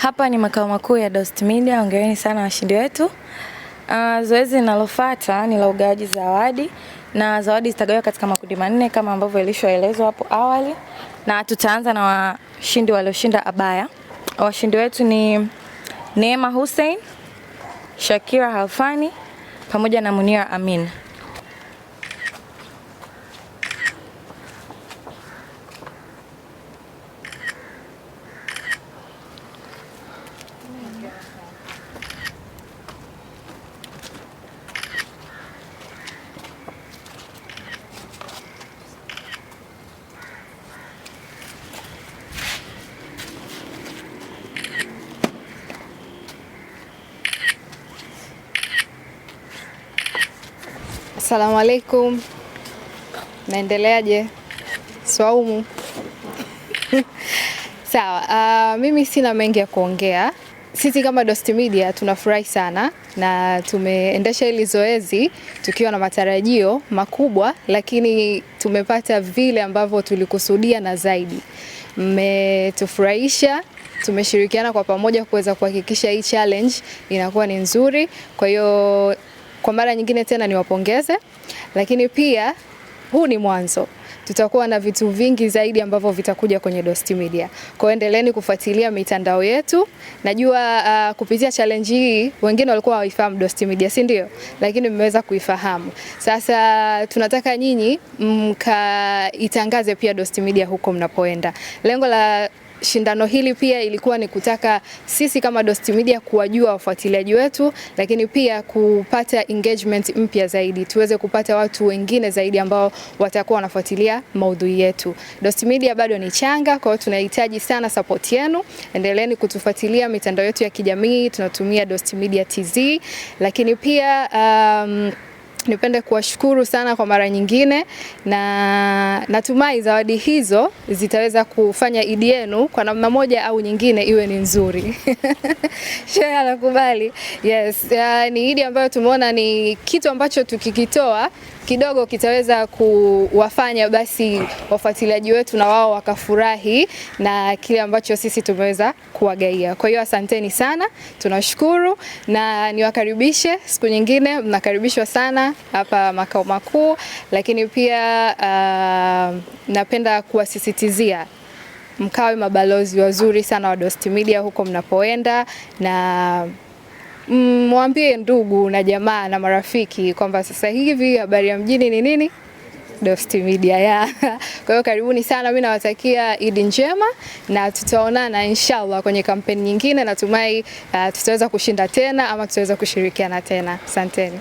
Hapa ni makao makuu ya Dost Media. Hongereni sana washindi wetu. Uh, zoezi linalofuata ni la ugawaji zawadi na zawadi zitagawiwa katika makundi manne kama ambavyo ilishoelezwa hapo awali, na tutaanza na washindi walioshinda abaya. Washindi wetu ni Neema Hussein, Shakira Halfani pamoja na Munira Amin. Asalamu alaikum, naendeleaje? Swaumu sawa. Uh, mimi sina mengi ya kuongea. Sisi kama Dost Media tunafurahi sana na tumeendesha hili zoezi tukiwa na matarajio makubwa, lakini tumepata vile ambavyo tulikusudia na zaidi. Mmetufurahisha, tumeshirikiana kwa pamoja kuweza kuhakikisha hii challenge inakuwa ni nzuri, kwa hiyo kwa mara nyingine tena niwapongeze, lakini pia huu ni mwanzo. Tutakuwa na vitu vingi zaidi ambavyo vitakuja kwenye Dost Media. Kwa hiyo endeleeni kufuatilia mitandao yetu. Najua uh, kupitia challenge hii wengine walikuwa hawaifahamu Dost Media, si ndio? Lakini mmeweza kuifahamu. Sasa tunataka nyinyi mkaitangaze pia Dost Media huko mnapoenda. Lengo la shindano hili pia ilikuwa ni kutaka sisi kama Dost Media kuwajua wafuatiliaji wetu, lakini pia kupata engagement mpya zaidi, tuweze kupata watu wengine zaidi ambao watakuwa wanafuatilia maudhui yetu. Dost Media bado ni changa, kwa hiyo tunahitaji sana support yenu. Endeleeni kutufuatilia mitandao yetu ya kijamii, tunatumia Dost Media TZ, lakini pia um, nipende kuwashukuru sana kwa mara nyingine, na natumai zawadi hizo zitaweza kufanya Idi yenu kwa namna moja au nyingine iwe ni nzuri. Shehe anakubali. Yes, uh, ni Idi ambayo tumeona ni kitu ambacho tukikitoa kidogo kitaweza kuwafanya basi wafuatiliaji wetu na wao wakafurahi na kile ambacho sisi tumeweza kuwagaia. Kwa hiyo asanteni sana, tunashukuru na niwakaribishe siku nyingine, mnakaribishwa sana hapa makao makuu, lakini pia uh, napenda kuwasisitizia mkawe mabalozi wazuri sana wa Dost Media huko mnapoenda na mm, mwambie ndugu na jamaa na marafiki kwamba sasa hivi habari ya mjini ni nini? Dost Media ya. Kwa hiyo karibuni sana, mimi nawatakia Idi njema na tutaonana inshallah kwenye kampeni nyingine. Natumai uh, tutaweza kushinda tena ama tutaweza kushirikiana tena. Asanteni.